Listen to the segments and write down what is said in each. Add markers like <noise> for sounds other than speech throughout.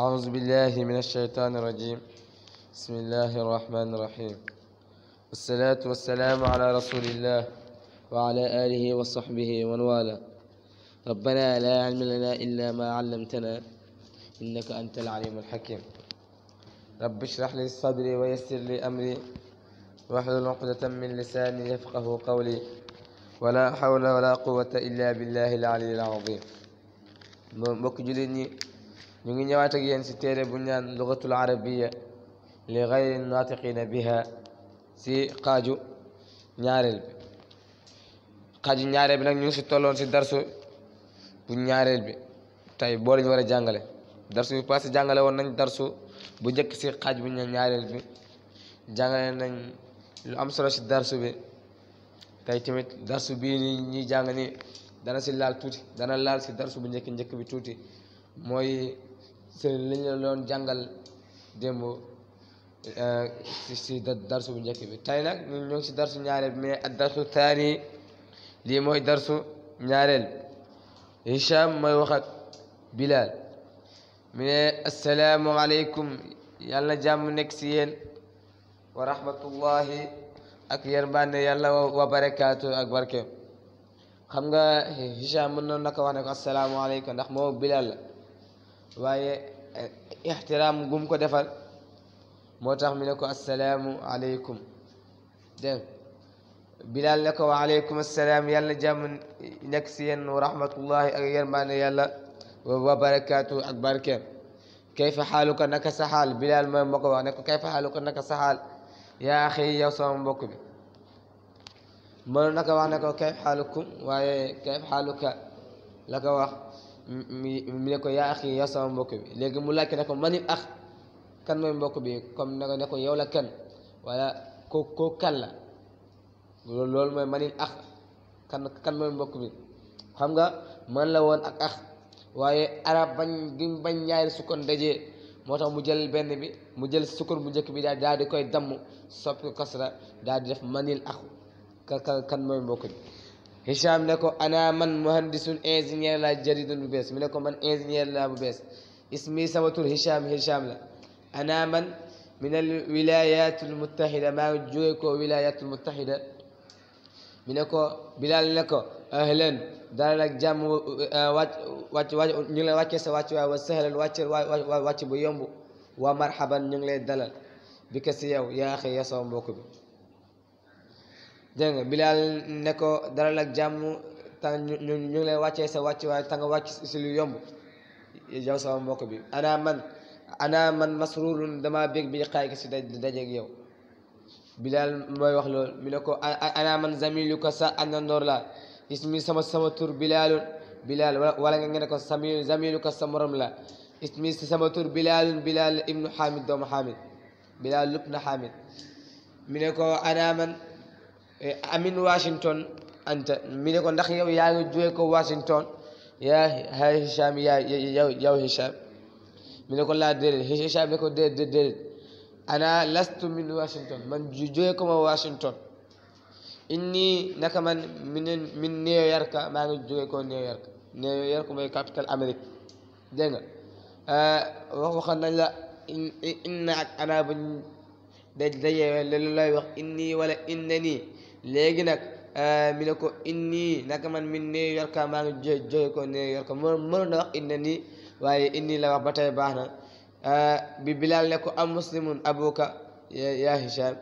أعوذ بالله من الشيطان الرجيم بسم الله الرحمن الرحيم والصلاة والسلام على رسول الله وعلى آله وصحبه ومن والاه ربنا لا علم لنا إلا ما علمتنا إنك أنت العليم الحكيم رب اشرح لي صدري ويسر لي أمري واحلل عقدة من لساني يفقه قولي ولا حول ولا قوة إلا بالله العلي العظيم mbokk jullit ñi ñu ngi ñëwaat ak si téere bu ñu naan lugatul arabiya li gayri natiqina biha si xaaju ñaareel bi xaaju ñaareel bi nag ñu ngi si tolloon si darso bu ñaareel bi tey boo lañu war a jàngale darsu bi passé jàngale woon nañ darsu bu njëkk si xaaj bu ñu ñaareel bi jàngale nañ lu am solo si darsu bi tey tamit darsu bii ni ñuy jàng ni dana si laal tuuti dana laal si darsu bu njëkk njëkk bi tuuti mooy sëriñ leen ñu doon jàngal démb eh, si si darsu bu njëkk bi ñoo si darsu ñaareel mais ak darsu taani lii mooy darsu ñaareel Hisham mooy wax ak Bilal mi ne asalaamu aleykum yàlla jàmm nekk si yéen wa rahmatullahi ak yërmande yàlla wa barakaatu ak barke xam nga Hisham mën noonu naka wax ne ko asalaamu ndax moo Bilal waaye eh, ixtiraam gum ko defal moo tax mu ne ko assalaamu aleykum dégg bilaal ne ko wa aleykum assalaam yàlla jàmm nekk si yéen wa rahmatullahi ak yërmaane yàlla wa barakaatu ak barkeem kayfa xaaluka naka sa xaal bilaal mooy moo ko wax ne ko kayfa xaaluka naka sa xaal yaa axi yow sama mbokk bi mënoon na ko wax ne ko kayfa xaalukum waaye kayfa xaaluka la ko wax mi mu ne ko yaa axi yow sama mbokk bi léegi mu laajte ne ko manil ax kan mooy mbokk bi comme ne ko ne ko yow la kan wala ko koo kan la loolu mooy manil ax kan kan mooy mbokk bi xam nga man la woon ak waaye arab bañ bañ ñaari sukkoon dajee moo tax mu jël benn bi mu jël sukkur bu njëkk bi daal daal di koy damm soppi daal di def manil axu kan kan mooy mbokk bi Hicham ne ko ana man muhandisun ingénieur la jaridun bu bees mu ko man ingénieur la bu bees ismi sama tur la ana man min al wilayatul muttahida maa ngi jóge ko wilayatul ne ko Bilal ne ko ahlan daal ak jàmm wàcc wàcc wàcc ñu ngi lay wàccee sa wàcc waay wa wàcc wàcc bu yomb wa marhaban ñu ngi lay dalal bi ka si yow ya sama mbokk bi dégg nga Bilaal ne ko dalal ak jàmm tan ñu ngi lay wàccee sa wàcc waaye tanga wàcc si lu yomb yow sama mbokk bi ana man ana man masrurun damaa bég bi xaay ki si dajeeg yow Bilaal mooy wax loolu mi ne ko ana man zamilu ko sa àndandoor la ismi sama sama tur Bilaalun Bilaal wala nga ne ko samilu ko sa morom la ismi sama tur Bilaalun Bilaal ibnu Xaamid doomu Xaamid Bilaal lub na Xaamid ko ana man Eh, amin Washington anta mi ne ko ndax yow yaa ngi jóge ko Washington yaa a Hisham yaa yow yow Hisham ko laa déedéet Hisham ne ko déedéet déedéet ana lastu min Washington man jóge ko ma Washington inni naka man min min New York maa ngi jóge ko New York New York mooy capital Amérique dégg nga eh, wax waxoon nañ inna ak ana buñ daj dajee lay wax inni wala inna nii léegi nag euh, mi ne ko inni naka man min New York maa ngi jo jóge ko New York na wax inna nii waaye inni la wax ba tey baax na euh, bi Bilaal ne ko am muslimun abuka yaa Hisham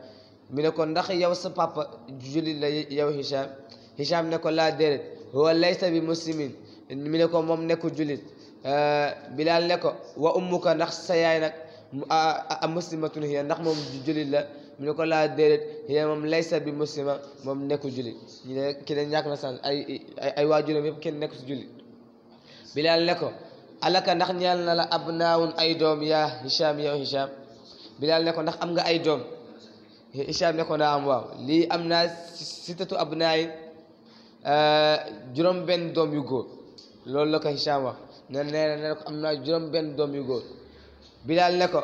mi ne ko ndax yow sa papa jullit la yow Hisham Hisham ne ko laa déedéet huwa laysa bi muslimin mi ne ko moom nekku jullit euh, Bilaal ne ko wa ummuka ndax sa yaay nag muslimatun hiya ndax moom jullit la mu ko laa déedéet hiya moom laysa bi muslima moom nekku jullit ñu ne ñàkk na san ay ay waajuram yëpp kenn nekku si jullit bilaal ne ko alaka ndax ñeel na la ab naawun ay doom yaa hisham yow hisham bilaal ne ko ndax am nga ay doom hisham ne ko am waaw lii am naa sitatu ab naayin euh, doom yu góor loolu la ko hisham wax na ne ko am naa juróom doom yu góor bilaal ne ko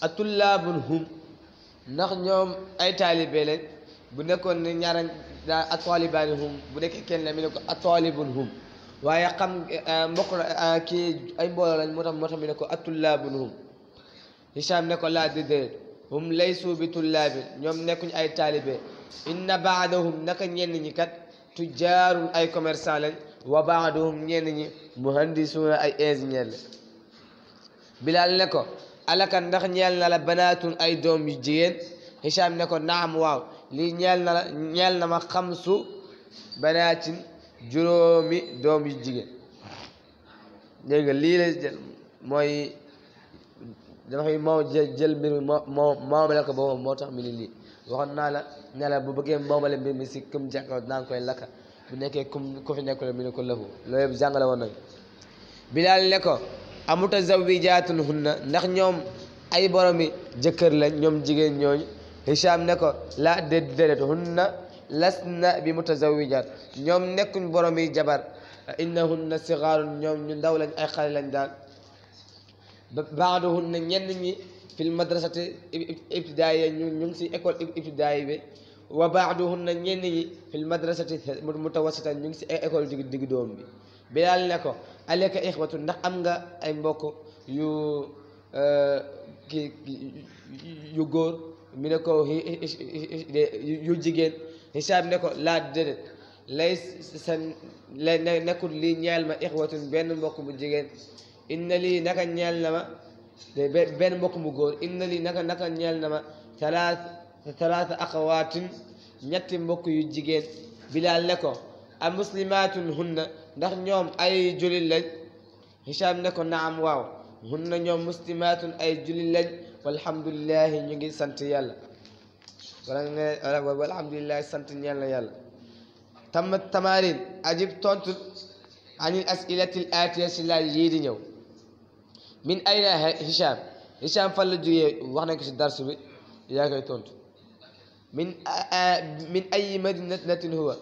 atullaabun ndax ñoom ay taalibe lañ bu nekkoon ne ñaara daa atalibaani hum bu nekk kenn la mi ne ko atalibun hum waaye xam eh, mbokk eh, kii ay mbooloo lañ moo tax mi ne ko atullaabun hum Hicham ne ko laa déedéet hum laysu bi tullaabin ñoom nekkuñ ay taalibe inna baadahum naka ñenn ñi kat tujjaarun ay commerçant lañ wa baaduhum ñenn ñi muhandisuuna ay ingénieur la Bilal ne ko alaka ndax ñeel na la ay doom yu jigéen Hicham ne ko naam waaw lii ñeel na ñeel na ma xamsu banaatin juróomi doom yu jigéen dégg nga lii la mooy dafay moo jël mbir mi moo moomale ko boobu moo tax mi ni lii waxoon naa la ne bu bëggee moomale mbir mi si kum jàngal naa koy lakka bu nekkee kum ku fi nekkul mi ne ko lëfu loolu yëpp jàngale woon nañu Bilaal ne a amutazawijatun hunna ndax ñoom ay boromi jëkkër lañ ñoom jigéen ñooñu Hicham ne ko laa déedéet hunna lasna bi mutazawijat ñoom nekkuñ boromi jabar innahunna sigaarun ñoom ñu ndaw lañ ay xale lañ daal baaduhunna ñenn ñi fil madrasati ibtidaaya ñu ñu ngi si école ibtidaaya bi wa baaduhunna ñenn ñi fil madrasati mutawassita ñu ngi si école digg digg doom bi bilaal ne ko aleka ixwatu ndax am nga ay mbokku yu euh, ki yu góor mi ne ko yu jigéen hisaab ne ko laa déedéet lay sa nekkul li ñeel ma ixwatun benn mbokk mu jigéen inna lii naka ñeel na ma benn mbokk mu góor inna lii naka naka na ma talaat talaata axawaatin ñetti mbokk yu jigéen bilaal ne ko a muslimaatun hunna ndax ñoom ay jullit lañ Hicham ne ko naam waaw mun na ñoom muslimaatun ay jullit lañ walhamdulilahi ñu ngi sant yàlla wala nga ne walhamdulilahi sant ñeel na yàlla tammat tamarin ajib tontu anil asilatil atiya si laaj yii di ñëw min ayna Hicham Hicham fan la jógee wax nañ ko si darsu bi yaa koy tontu min min ay madinatin huwa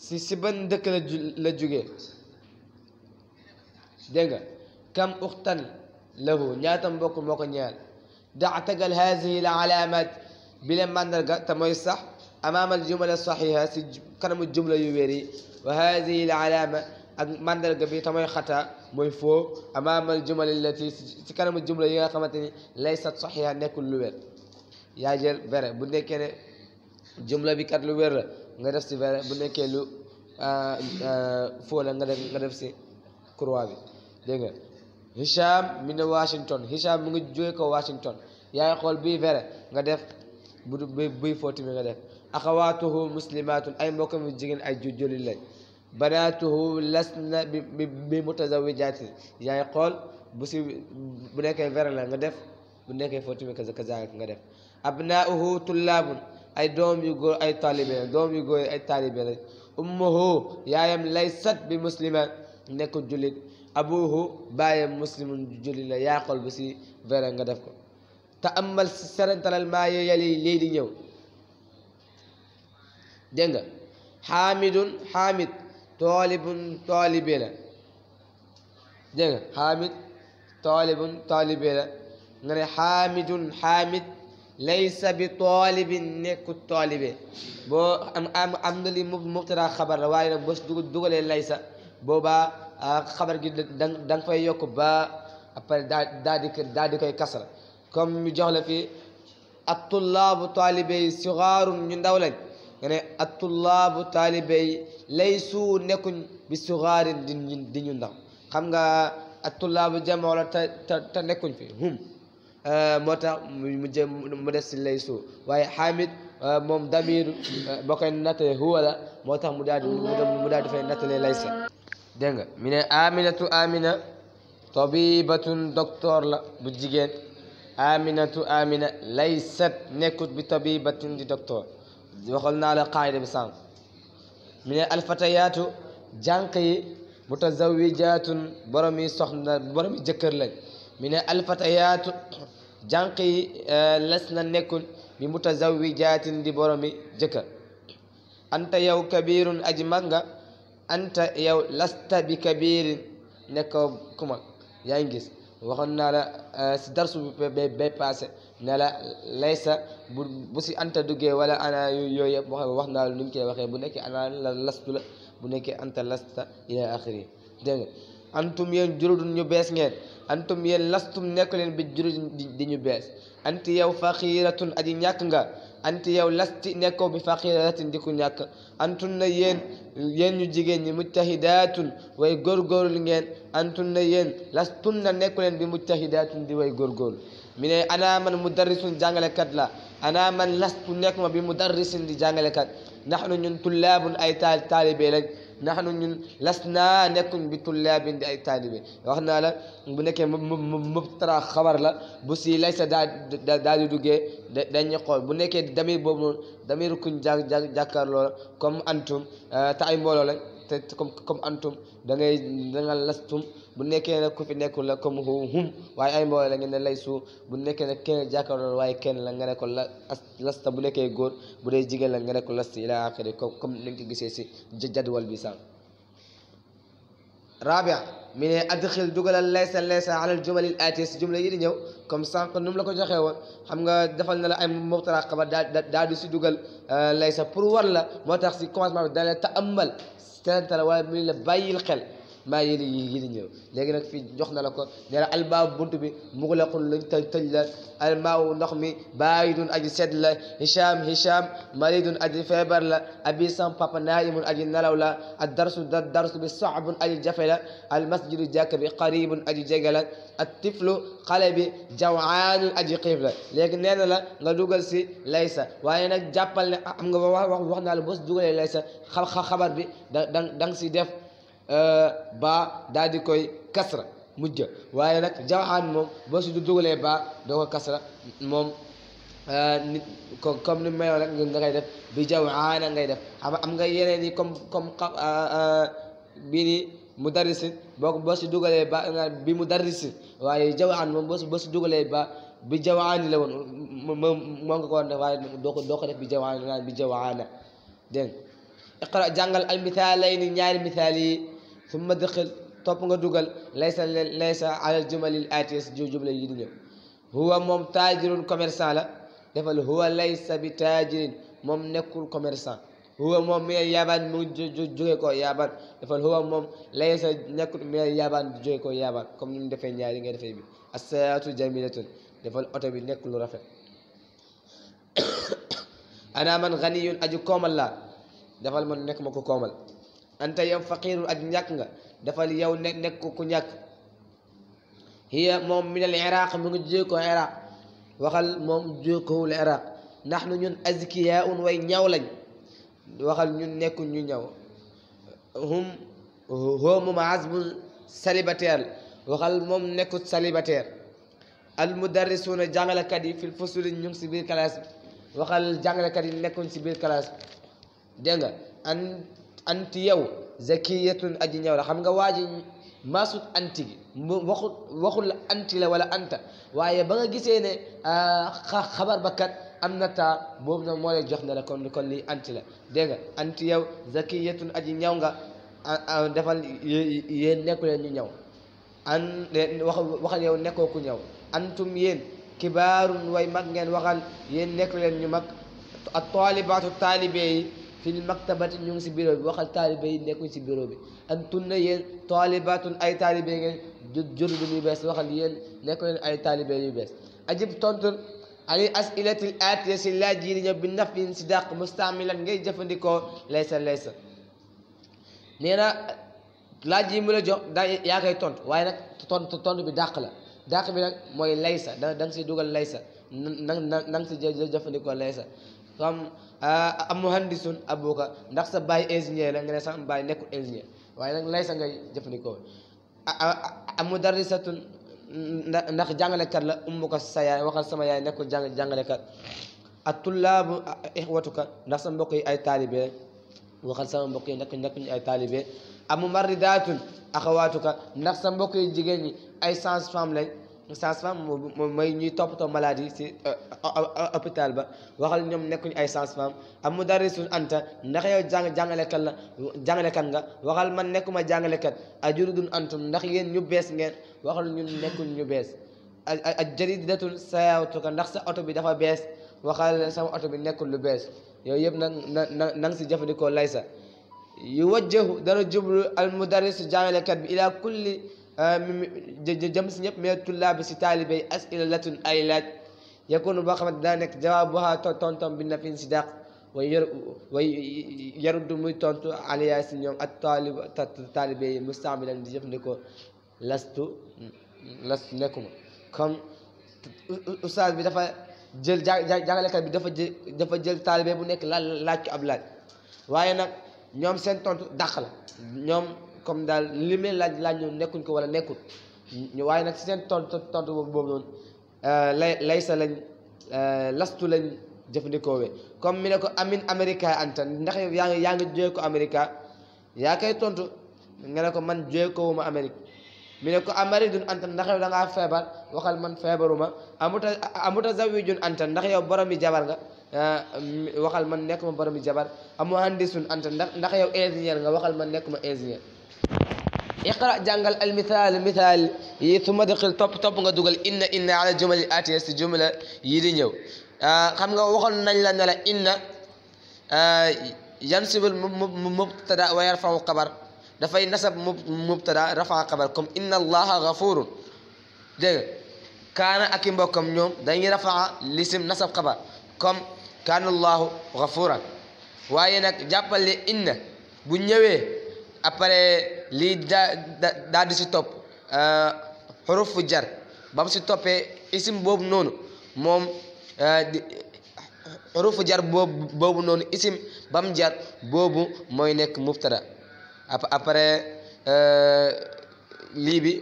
si si ban dëkk la la jógee dégg nga kam uxtan lahu ñaata mbokk moo ko ñeel daa tagal haadihi l alaamat bi leen màndarga te mooy sax amaama al jumla saxiha si kanamu jumla yu wér yi wa haadihi l alaama ak màndarga bi te mooy xata mooy foo amaama al jumla allati si kanamu jumla yi nga xamante ni laysat saxiha nekkul lu wér yaa jël bere bu nekkee ne jumla bi kat lu wér la nga def si verre bu nekkee lu ah, ah, foo la nga def def si croix bi dégg nga Hisham mi ne Washington Hisham mu ngi jóge ko Washington yaay xool bii verre nga def bu buy footi mi nga def axawaatuhu ay mbokkam jigéen ay jullit lañ banaatuhu lasna bi bi mutazawijaati yaay xool bu si bu nekkee verre nga def bu nekkee footi mi nga def ay doom yu góor ay taalibe la doom yu góor ay taalibe la yaayam laysat bi muslima nekkul jullit abuhu baayam muslimun jullit la yaaqol bi si vera nga def ko te amal si serantalal maa yo yali lii di ñëw dégg nga laysa bi toolibin nekkul toolibe boo am am am na li mubtada xabar la waaye nag boo si dugalee laysa boobaa xabar gi da da nga yokk ba après daa daa di daa di koy kasra comme ñu jox la fii at tullaabu taalibe yi sigaarun ñu ndaw lañ nga ne at tullaabu taalibe yi laysu nekkuñ bi sigaarin di di ñu ndaw xam nga at tullaabu jamoo la te te nekkuñ fi hum Eh, moo tax mu jëm mu des si laysu waaye xaamid eh, moom damir eh, boo koy nattale huwa la moo tax mu daal di mu daal di fay nattale dégg nga mi ne aminatu amina tabibatun doktor la bu jigéen aminatu amina laysat nekkut bi tabibatin di docteur waxal naa la qaayida bi sànq mi ne alfatayaatu jànq yi mutazawijaatun boromi soxna boromi jëkkër lañ mi ne alfatayaatu jànq yi eh, les na nekkul bi mutazawwijaatin di mi jëkkër anta yow kabirun aji mag nga anta yow lasta bi kabirin nekkoo ku mag yaa gis waxoon naa la eh, si darsu bi bay passé ne la laysa bu bu si anta duggee wala ana yooyu yëpp wax wax naa la nu ñu koy waxee bu nekkee ana la lastu la bu nekkee anta lasta ila axiri dégg antum yéen jurudun ñu bees ngeen antum yéen lastum nekku leen bi juru di ñu bees anti yow faqiratun aji ñàkk nga anti yow lasti nekkoo bi faqiratin di ku ñàkk antun na yéen yéen ñu jigéen ñi mujtahidatun way góorgóorlu ngeen antun na yéen lastun na nekku leen bi mujtahidatun di way góorgóorlu mi ne ana man mudarrisun jàngalekat la anaa man lastu nekk ma bi mudarrisin di jàngalekat nahnu ñun tullaabun ay taal taalibe lañ naxnu ñun las naa nekkuñ bi tullaabin di ay taalibe wax naa la bu nekkee mubtara xabar la bu si lay sa daa daa di duggee dañuy xool bu nekkee damir boobu noonu damir kuñ jàk jàkkaarloo la comme antum euh, te ay mbooloo la te comme comme antum da ngay da nga lastum bu nekkee nag ku fi nekkul la comme hu hum waaye ay mboole la ngeen ne laysu bu nekkee nag kenn jàkkaarloo waaye kenn la nga ne ko la lasta bu nekkee góor bu dee jigéen la nga ne ko lasta ila axiri comme ni nga ko gisee si jadwal bi sànq rabia mi ne adxil dugalal laysa laysa ala aljumal al aati si jumla yi di ñëw comme sànq nu mu la ko joxee woon xam nga defal na la ay mubtara xabar daa daa du si dugal euh, laysa pour war la moo tax si commencement bi dana la taamal seetantal waaye mu ne la bàyyil xel maa yéene léegi nag jox na la ko ne la albaabu buntu bi muglaqun luñ tëj tëj la almaawu ndox mi baayidun aj sedd la hisham hisham maridun aj feebar la abi sam papa naimun aj nelaw la ad darsu da darsu bi saabun aji jafe la almasjidu jàkk bi qaribun aji jege la at tiflu xale bi jawaanun aji xiif la léegi nee na la nga dugal si laysa waaye nag jàppal ne ah, am nga wax wax naa la boo si dugalee laysa xabaar bi da da nga si def ba daal di koy kasra mujj waaye nag jawxaan moom boo si dugalee ba doo ko kasra moom euh, nit comme ni mayoo rek nga koy def bi jawxaana ngay def xam am nga yeneen yi comme comme euh, euh, bii ni mudarrisin boo boo si dugalee ba bi mudarrisin waaye jawxaan moom boo si boo si ba bi jawaani la woon moom moo nga ko def waaye doo ko doo ko def bi jawaani naan bi jawaana dégg al mithalayni ñaari mithaal yi summa dëqal topp nga dugal laysa laysa alal jumalil atis ju jumla yi di ñëw huwa moom taajirun commerçant la defal huwa laysa bi taajirin moom nekkul commerçant huwa moom mi yaabaan mu jóge ko yaabaan defal huwa moom laysa nekkul mi yaabaan jóge ko yaabaan comme ni mu defee ñaari nga defee bi assaatu jamilatun defal oto bi nekk rafet <coughs> ana man ganiyun aju koomal laa defal man nekk ma ko koomal anta yow faqiirun ak ñàkk nga dafal yow ne nekk ku ñàkk hiya moom min al iraq mu ngi jóge ko iraq waxal moom jóge ko al iraq ñun azkiyaun way ñaw lañ waxal ñun nekkuñ ñu ñaw hum homum azbun célibataire waxal moom nekku célibataire al mudarrisuuna jàngalekat yi fil fusuli ñu si biir classe bi waxal jàngalekat yi nekku si biir classe bi anti yow zakiyatun aji ñaw la xam nga waa ji maasut anti gi waxut waxul la anti la wala anta waaye ba nga gisee ne ah, xabar ba kat am na ta boobu nag moo jox ne la kon kon lii anti la dégg nga anti yow zakiyatun aji ñëw nga ah, ah, defal yéen nekk ñu ñëw ñaw wax waxal yow nekkoo ku ñëw antum yéen kibaarun way mag ngeen waxal yéen nekkuleen ñu mag ak taalibaatu taalibe yi fil maktabati ñu ngi si bureau bi waxal taalibe yi nekkuñ si bureau bi antunna yéen taalibatun ay taalibe ngeen jur jur bu ñuy bees waxal yéen nekku leen ay taalibe yu bees ajib tontu ali asilatil atiya si laaj yi di ñëw bi nafin si dàq mustaamilan ngay jëfandikoo laysa laysa nee na laaj yi mu la jox da yaa koy tontu waaye nag tontu tontu bi dàq la dàq bi nag mooy laysa da da nga siy dugal laysa na na na nga si jëfandikoo laysa am ah, ah, muhandisun abuka ndax sa baay ingénieur la nga ne sama baay nekkul ingénieur waaye nag laysa ngay jëfandikoo am ah, mudarrisatun ndax jàngalekat la ummuka sa yaay waxal sama yaay nekkul jàng jàngalekat ak tullaabu ixwatuka ndax sa mbokk yi ay taalibe waxal sama mbokk yi nekk nekk ñu ay taalibe am mumarridaatun axawaatuka ndax sa mbokk yi jigéen ñi ay sens femme lañ sage-femme moom mooy ñuy toppatoo malade yi si euh, hôpital ba waxal ñoom nekkuñu ay sage-femme am mudarrisun anta ndax yow jàng jàngalekat la jàngalekat nga waxal man nekkuma jàngalekat ajurudun antum ndax yéen ñu bees ngeen waxal ñu nekkuñ ñu bees a jadidatun sayawtuka ndax sa oto bi dafa bees waxal sama oto bi nekkul lu bees yooyu yëpp nag na na na nga si jëfandikoo lay sa jublu al mudarrisu jàngalekat bi ila kulli jëm si ñëpp mais tullaab si taalibay asilatun ay laaj yakunu boo xamante daa nekk jawaabuha tontom bi nafin si dàq way yar way yaruddu muy tontu aliya si ñoom ak taalib taalibe yi mustaamilan di jëfandikoo lastu lastu nekkuma comme ustaas bi dafa jël jàngalekat bi dafa jël dafa jël taalibe bu nekk laaj laaj ko ab laaj waaye nag ñoom seen tontu dàq la ñoom comme daal li may laaj laaj ñoom nekkuñ ko wala nekkul ñu waaye nag si seen tontu tontu boobu noonu euh, lay lay sa lañ euh, lastu lañ jëfandikoowe comme mu ne ko amin america anta ndax yaa ngi yaa ngi jóge america yaa koy tontu nga ne ko man jóge ko wuma amérique mi ne ko amaridun anta ndax yow da ngaa feebar waxal man feebaruma amuta amuta zawijun anta ndax yow boromi jabar nga euh, waxal man nekkuma boromi jabar amu handisun anta ndax ndax yow ingénieur nga waxal man nekkuma ingénieur iqra jàngal al mithaal mithaal yi suma daqil topp topp nga dugal inna inna ala jumali atiya si jumla yi di ñëw ah, xam nga waxoon nañ la ne la inna ah, yansibul mubtada wa yarfau xabar dafay nasab mubtada rafaa xabar comme inna allaha gafurun dégg nga kaana ak i mbokkam ñoom dañuy rafaa lisim nasab xabar comme kaana allahu gafuran waaye nag jàppale inna bu ñëwee après lii daal di si topp euh, xurufu jar ba mu si toppee isim boobu noonu moom euh, xurufu jar boobu boobu noonu isim ba mu jar boobu mooy nekk mubtada après euh, lii bi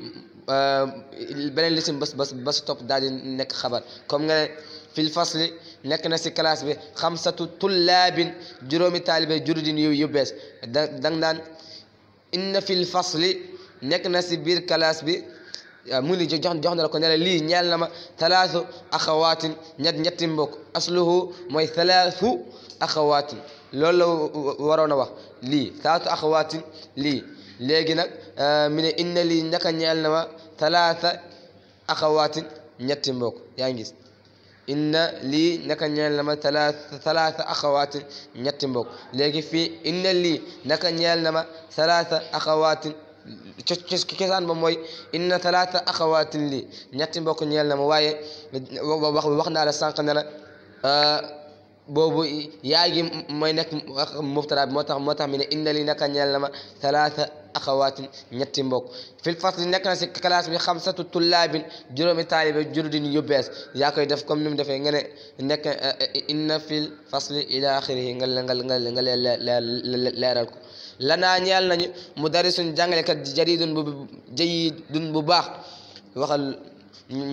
beneen lisim bas bas ba si topp daal nekk xabar comme nga ne fil fasli nekk na si classe bi xamsatu tullaabin juróomi taalibe juridin yu yu bees da dang daan inna fil fasli nekk na si biir classe bi mu ni jox jox na la ko ne la lii ñeel na ma talaasu axawaatin ñett ñetti mbokk asluhu mooy talaasu axawaatin loolu la waroon a wax lii talaasu axawaatin lii léegi nag euh, mu ne inna lii naka ñeel na ma talaasa axawaatin ñetti mbokk yaa ngi gis inna lii naka ñeel na ma talaata axawaatin ñetti mbokk léegi fii inna lii naka ñeel na ma talaata axawaatin cosaan ba mooy inna talaata axawaatin lii ñetti mbokk ñeel na ma waaye wax naa la sànq ne la euh, boobu yaay mooy nekk mubtada bi moo tax moo tax mi ne inna li a ñeel na ma talaata axawaatin ñetti mbokk fil fasli nekk na si classe bi xamsatu tullaabin juróomi taalibe jurdin yu bees yaa koy def comme ni mu defee nga ne nekk inna fil fasli ila axirihi nga nga nga nga leeral ko lanaa ñeel nañu mudarisun jàngalekat jaridun bu jayidun bu baax waxal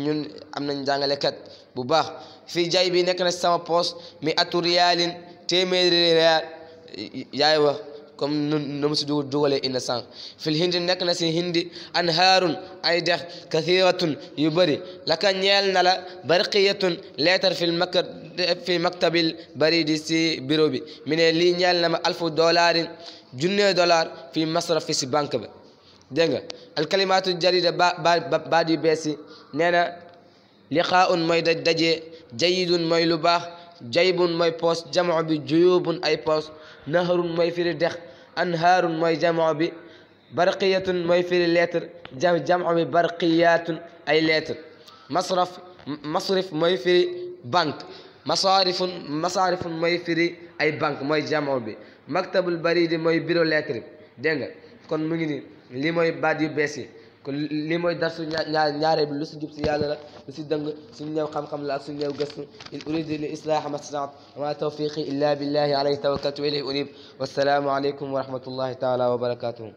ñun am nañ jàngalekat bu baax fii jay bi nekk na sama poos mi atu riyaalin téeméeri riyaal yaay wax comme nu mu si dug dugalee sànq fil hindi nekk na si hindi anhaarun ay dex kathiratun yu bëri laka ñeel na la barqiyatun leetar fil mak fi maktabil baridi si bureau bi mi ne lii ñeel na ma alfu dollarin junne dollar fi masraf fi si banque ba dégg nga alkalimaatu jarida ba ba baat yu liqaa'un mooy daj daje jayidun mooy lu baax jaybun mooy poos jamono bi juyubun ay poos naharun mooy firi dex anhaarun mooy jamono bi barqiyatun mooy firi lettre jamono bi barqiyatun ay lettre masraf masrif mooy firi banque mooy firi ay banque mooy jamono bi maktabul baridi mooy bureau lettre bi dégg kon mu ngi mooy baat yu kon lii mooy darsu ñaar ñaareel bi lu si jub si yàlla la lu si dëng suñu ñëw xam-xam la ak suñu ñëw gëstu in uridu li islaaha mastataat wama tawfiqi illa billahi alayhi tawakkaltu wa ilayhi unib wassalaamu aleykum wa rahmatullahi taala wa barakatuhu